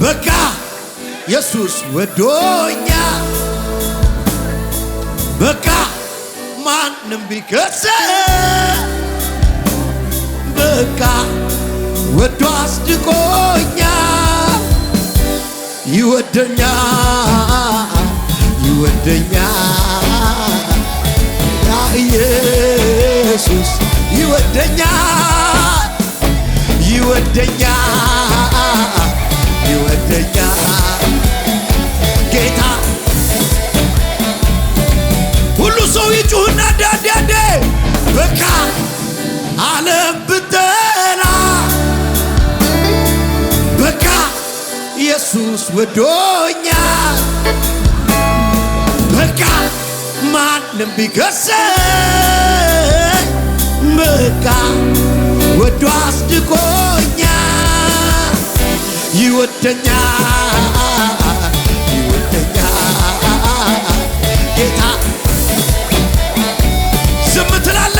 Bekah Yesus wedonya Bekah manem nembi kese Bekah wedos dikonya You wedonya You wedonya Ya Yesus You wedonya You wedonya You wedonya ጌታ ሁሉ ሰው ይጩህና ዳዳዴ በቃ ዓለም ኢየሱስ ወዶኛ በቃ ማንም ቢከሰኝ በቃ ወዶ ይወደኛል ይወደኛል ጌታ ዝም ትላለ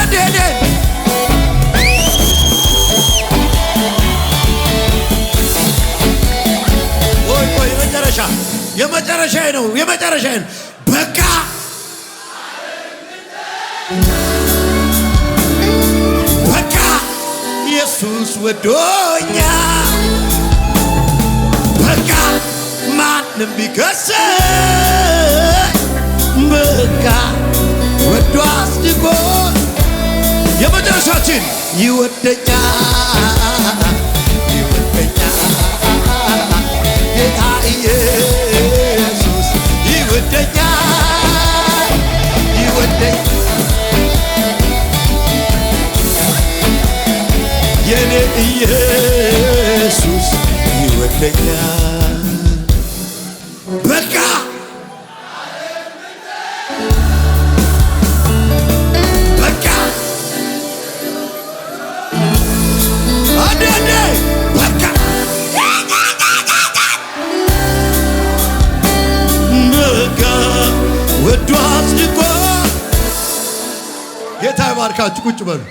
ወይ ወይ መጨረሻ የመጨረሻ ነው የመጨረሻ ነው በቃ በቃ ኢየሱስ ወዶኛል ማንም ቢከሰኝ በቃ ወዶ አስድጎ የመጨረሻችን ይወደኛል ይወደኛል ጌታ ኢየሱስ ይወደኛል ይወደኛል የኔ ኢየሱስ ይወደኛል እባካችሁ ቁጭ በሉ።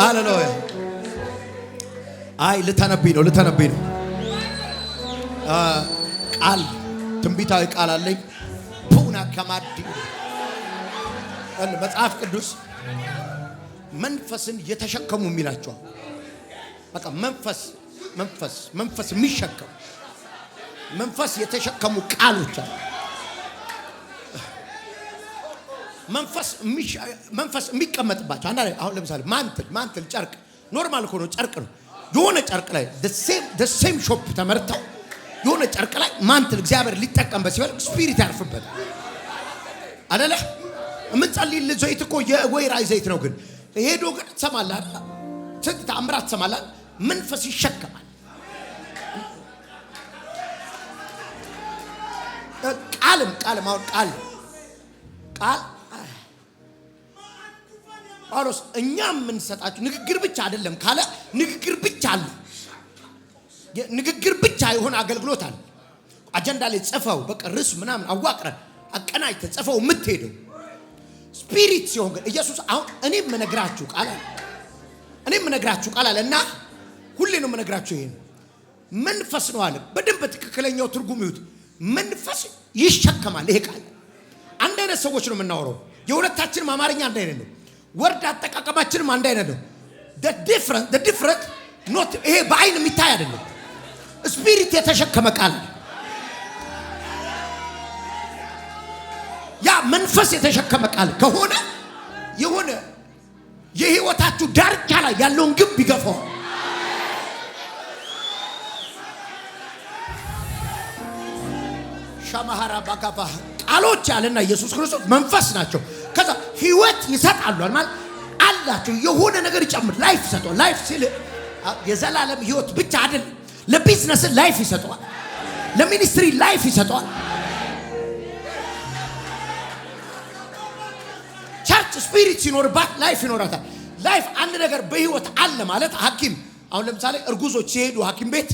ሃሌሉያ። አይ ልተነብይ ነው ልተነብይ ነው። ቃል ትንቢታዊ ቃል አለኝ። ፑና ከማዲ መጽሐፍ ቅዱስ መንፈስን የተሸከሙ የሚላቸዋል። በቃ መንፈስ መንፈስ መንፈስ የሚሸከሙ መንፈስ የተሸከሙ ቃሎች አሉ። መንፈስ የሚቀመጥባቸው አንዳ አሁን ለምሳሌ ማንትል ማንትል ጨርቅ ኖርማል ሆኖ ጨርቅ ነው። የሆነ ጨርቅ ላይ ሴም ሾፕ ተመርተው የሆነ ጨርቅ ላይ ማንትል እግዚአብሔር ሊጠቀምበት ሲፈልግ ስፒሪት ያርፍበት አደለ። የምንጸልይል ዘይት እኮ የወይራ ዘይት ነው፣ ግን ሄዶ ግን ትሰማለህ፣ ስንት ተአምራት ትሰማለህ። መንፈስ ይሸከማል። ቃልም ቃልም አሁን ቃል ቃል ጳውሎስ እኛ የምንሰጣችሁ ንግግር ብቻ አይደለም ካለ ንግግር ብቻ አለ። ንግግር ብቻ የሆነ አገልግሎት አለ። አጀንዳ ላይ ጽፈው በቃ ርዕስ ምናምን አዋቅረን አቀናጅተን ጽፈው የምትሄደው ስፒሪት ሲሆን ግን ኢየሱስ አሁን እኔ የምነግራችሁ ቃል አለ። እኔ የምነግራችሁ ቃል አለ እና ሁሌ ነው የምነግራችሁ ይሄ መንፈስ ነው አለ። በደንብ ትክክለኛው ትርጉም ይሁት መንፈስ ይሸከማል። ይሄ ቃል አንድ አይነት ሰዎች ነው የምናወረው የሁለታችንም አማርኛ አንድ አይነት ነው። ወርድ አጠቃቀማችንም አንድ አይነት ነው። ዲፍረንት ኖት ይሄ በአይን የሚታይ አይደለም። ስፒሪት የተሸከመ ቃል ያ መንፈስ የተሸከመ ቃል ከሆነ የሆነ የህይወታችሁ ዳርቻ ላይ ያለውን ግብ ይገፋዋል። ሻማሃራ ባጋባ ቃሎች ያለና ኢየሱስ ክርስቶስ መንፈስ ናቸው ከዛ ህይወት ይሰጣሉ ማለት አላቸው። የሆነ ነገር ይጨምር ላይፍ ይሰጠዋል። ላይፍ ሲል የዘላለም ህይወት ብቻ አይደለም። ለቢዝነስ ላይፍ ይሰጠዋል። ለሚኒስትሪ ላይፍ ይሰጠዋል። ቸርች ስፒሪት ሲኖርባት ላይፍ ይኖራታል። ላይፍ አንድ ነገር በህይወት አለ ማለት ሐኪም አሁን ለምሳሌ እርጉዞች ሲሄዱ ሐኪም ቤት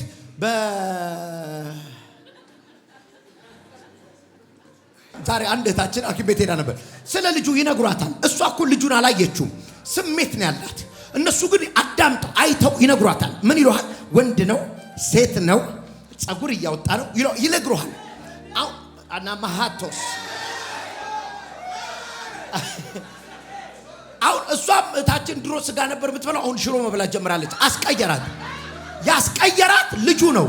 ዛሬ አንድ እህታችን ሐኪም ቤት ሄዳ ነበር። ስለ ልጁ ይነግሯታል። እሷ እኮ ልጁን አላየችውም፣ ስሜት ነው ያላት። እነሱ ግን አዳምጠው አይተው ይነግሯታል። ምን ይለዋል? ወንድ ነው ሴት ነው ጸጉር እያወጣ ነው ይነግሩሃል። አው አና ማሃቶስ አሁን እሷም እህታችን ድሮ ስጋ ነበር የምትበላው፣ አሁን ሽሮ መብላት ጀምራለች። አስቀየራት። ያስቀየራት ልጁ ነው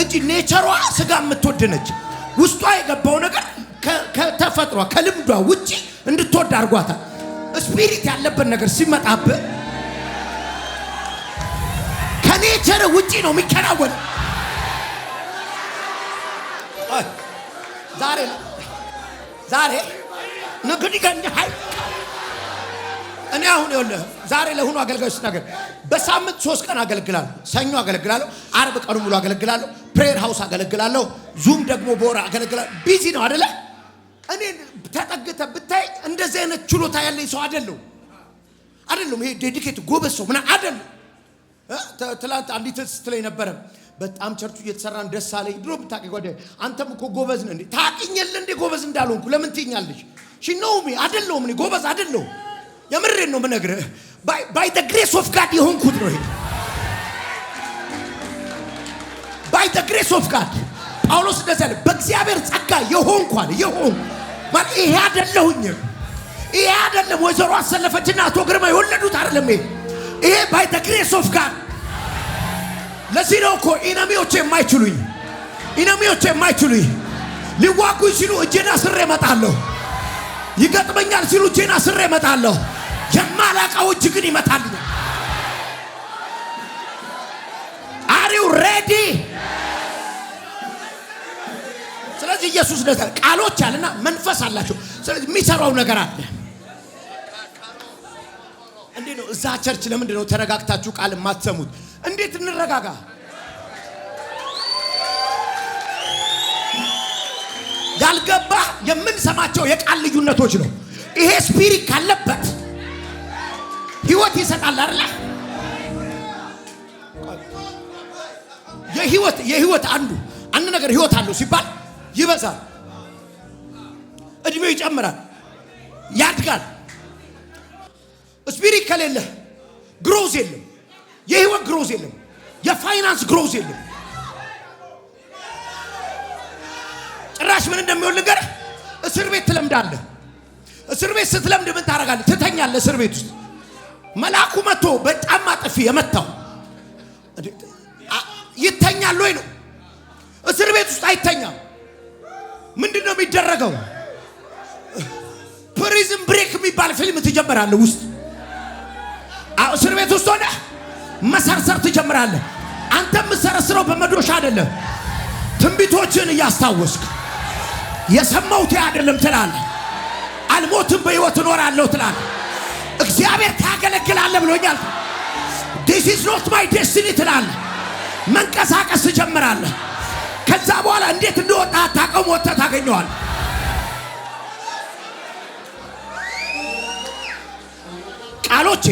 እንጂ ኔቸሯ ስጋ የምትወድነች ውስጧ የገባው ነገር ከተፈጥሯ ከልምዷ ውጪ እንድትወድ አድርጓታል። ስፒሪት ያለበት ነገር ሲመጣብህ ከኔቸር ውጪ ነው የሚከናወን። ዛሬ ዛሬ ንግድ እኔ አሁን ይኸውልህ ዛሬ ለሆኑ አገልጋዮች ነገር በሳምንት ሶስት ቀን አገለግላለሁ። ሰኞ አገለግላለሁ፣ አርብ ቀኑ ሙሉ አገለግላለሁ፣ ፕሬየር ሃውስ አገለግላለሁ፣ ዙም ደግሞ በወር አገለግላለሁ። ቢዚ ነው አይደለ? እኔ ተጠግተ ብታይ እንደዚህ አይነት ችሎታ ያለኝ ሰው አይደለሁም አይደለሁም። ይሄ ዴዲኬት ጎበዝ ሰው ምናምን አይደለሁም። ትላንት አንዲት ስትለኝ ነበረ በጣም ቸርቹ እየተሰራን ደስ አለኝ። ድሮ ብታውቂ ጓደኛዬ አንተም እኮ ጎበዝ ነህ እንዴ እንዴ ጎበዝ እንዳልሆንኩ ለምን ትይኛለሽ? ሽነውሜ አይደለሁም እኔ ጎበዝ አይደለሁም። የምሬን ነው የምነግርህ። ባይ ግሬስ ኦፍ ጋድ የሆንኩት ነው። ባይ ግሬስ ኦፍ ጋድ ጳውሎስ እንደዚያ አለ። በእግዚአብሔር ጸጋ የሆንኩ አለ የሆንኩ ማለት ይሄ አይደለሁኝም። ይሄ አይደለም ወይዘሮ አሰለፈችና አቶ ግርማ የወለዱት አይደለም። ይሄ ይሄ ባይ ዘ ግሬስ ኦፍ ጋድ። ለዚህ ነው እኮ ኢነሚዎች የማይችሉኝ ኢነሚዎች የማይችሉኝ ሊዋጉኝ ሲሉ እጄና ስሬ እመጣለሁ። ይገጥመኛል ሲሉ እጄና ስሬ እመጣለሁ። የማላውቀው እጅ ግን ይመጣልኛል። አሪው ሬዲ ስለዚህ ኢየሱስ ነዛር ቃሎች አለና መንፈስ አላቸው። ስለዚህ የሚሰራው ነገር አለ። እንዴት ነው እዛ ቸርች? ለምንድን ነው ተረጋግታችሁ ቃል የማትሰሙት? እንዴት እንረጋጋ? ያልገባ የምንሰማቸው የቃል ልዩነቶች ነው። ይሄ ስፒሪት ካለበት ህይወት ይሰጣል አይደለ? የህይወት የህይወት አንዱ አንድ ነገር ህይወት አለው ሲባል ይበዛል፣ እድሜው ይጨምራል፣ ያድጋል። ስፒሪት ከሌለ ግሮዝ የለም፣ የህይወት ግሮዝ የለም፣ የፋይናንስ ግሮዝ የለም። ጭራሽ ምን እንደሚሆን ነገር እስር ቤት ትለምዳለህ። እስር ቤት ስትለምድ ምን ታደርጋለህ? ትተኛለህ። እስር ቤት ውስጥ መልአኩ መጥቶ በጣም አጥፊ የመታው ይተኛል ወይ ነው። እስር ቤት ውስጥ አይተኛም። ምንድን ነው የሚደረገው? ፕሪዝን ብሬክ የሚባል ፊልም ትጀምራለህ። ውስጥ እስር ቤት ውስጥ ሆነ መሰርሰር ትጀምራለህ። አንተ የምሰረስረው በመዶሻ አይደለም፣ ትንቢቶችን እያስታወስክ የሰማሁት አይደለም ትላለህ። አልሞትም በሕይወት እኖራለሁ ትላለህ። እግዚአብሔር ታገለግላለህ ብሎኛል። ዲስ ኢዝ ኖት ማይ ዴስቲኒ ትላለህ። መንቀሳቀስ ትጀምራለህ። ከዛ በኋላ እንዴት እንደወጣ አታውቀውም። ወጥተህ ታገኘዋለህ። ቃሎቼ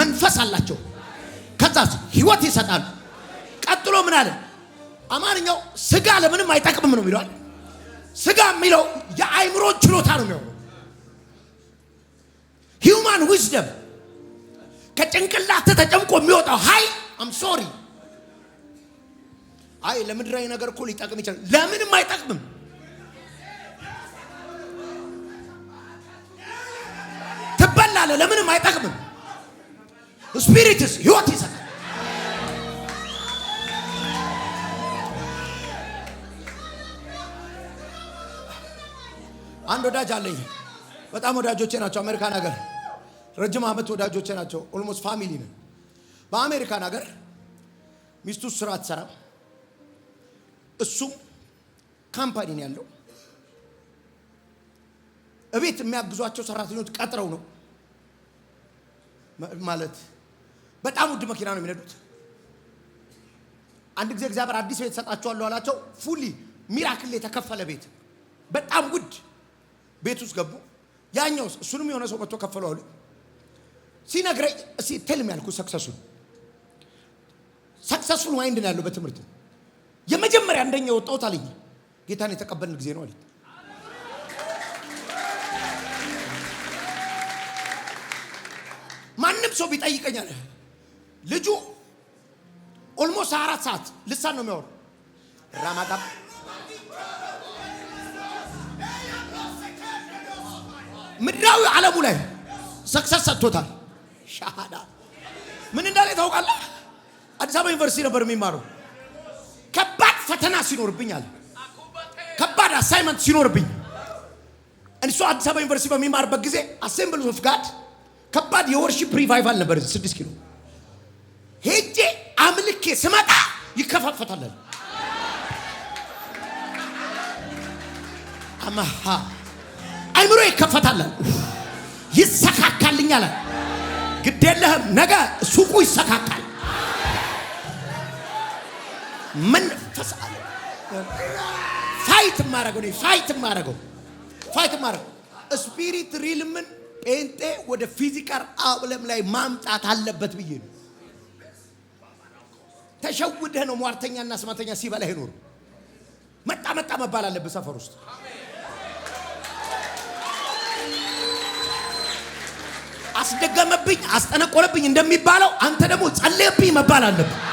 መንፈስ አላቸው። ከዛ ህይወት ይሰጣሉ። ቀጥሎ ምን አለ? አማርኛው ስጋ ለምንም አይጠቅምም ነው የሚለዋል። ስጋ የሚለው የአእምሮ ችሎታ ነው የሚሆነው። ሂውማን ዊዝደም ከጭንቅላት ተጨምቆ የሚወጣው ሀይ አም ሶሪ አይ ለምድራዊ ነገር እኮ ሊጠቅም ይችላል። ለምንም አይጠቅምም። ትበላለ፣ ለምንም አይጠቅምም። ስፒሪትስ ህይወት ይሰጣል። አንድ ወዳጅ አለኝ። በጣም ወዳጆቼ ናቸው። አሜሪካን ሀገር ረጅም ዓመት ወዳጆቼ ናቸው። ኦልሞስት ፋሚሊ ነን። በአሜሪካን ሀገር ሚስቱ ስራ አትሰራም እሱም ካምፓኒ ነው ያለው። እቤት የሚያግዟቸው ሰራተኞች ቀጥረው ነው ማለት በጣም ውድ መኪና ነው የሚነዱት። አንድ ጊዜ እግዚአብሔር አዲስ ቤት ሰጣቸዋለሁ አላቸው። ፉሊ ሚራክል የተከፈለ ቤት በጣም ውድ ቤት ውስጥ ገቡ። ያኛው እሱንም የሆነ ሰው መጥቶ ከፈለው አሉ። ሲነግረኝ ቴልም ያልኩ ሰክሰሱን ሰክሰሱን ዋይንድ ነው ያለው በትምህርት የመጀመሪያ አንደኛ ወጣሁት አለኝ። ጌታን የተቀበልን ጊዜ ነው አለኝ። ማንም ሰው ቢጠይቀኛል ልጁ ኦልሞስት አራት ሰዓት ልሳን ነው የሚያወሩ ራማጣ ምድራዊ ዓለሙ ላይ ሰክሰስ ሰጥቶታል። ሻዳ ምን እንዳለ ታውቃለህ? አዲስ አበባ ዩኒቨርሲቲ ነበር የሚማረው ፈተና ሲኖርብኝ አለ ከባድ አሳይመንት ሲኖርብኝ እሱ አዲስ አበባ ዩኒቨርሲቲ በሚማርበት ጊዜ አሴምብል ኦፍ ጋድ ከባድ የወርሺፕ ሪቫይቫል ነበር። ስድስት ኪሎ ሄጄ አምልኬ ስመጣ ይከፋፈታለን። አመሃ አይምሮ ይከፈታለን፣ ይሰካካልኛል። ግድ የለህም ነገ ሱቁ ይሰካካል። መንፈስ አለ። ፋይት ማረገው ነው ፋይት ማረገው ፋይት ማረገው ስፒሪት ሪልምን ጴንጤ ወደ ፊዚካል አለም ላይ ማምጣት አለበት ብዬ ነው። ተሸውደህ ነው ሟርተኛና ስማተኛ ሲበላ ይኖር መጣ መጣ መባል አለበት ሰፈር ውስጥ አስደገመብኝ፣ አስጠነቆለብኝ እንደሚባለው አንተ ደግሞ ጸለየብኝ መባል አለብህ።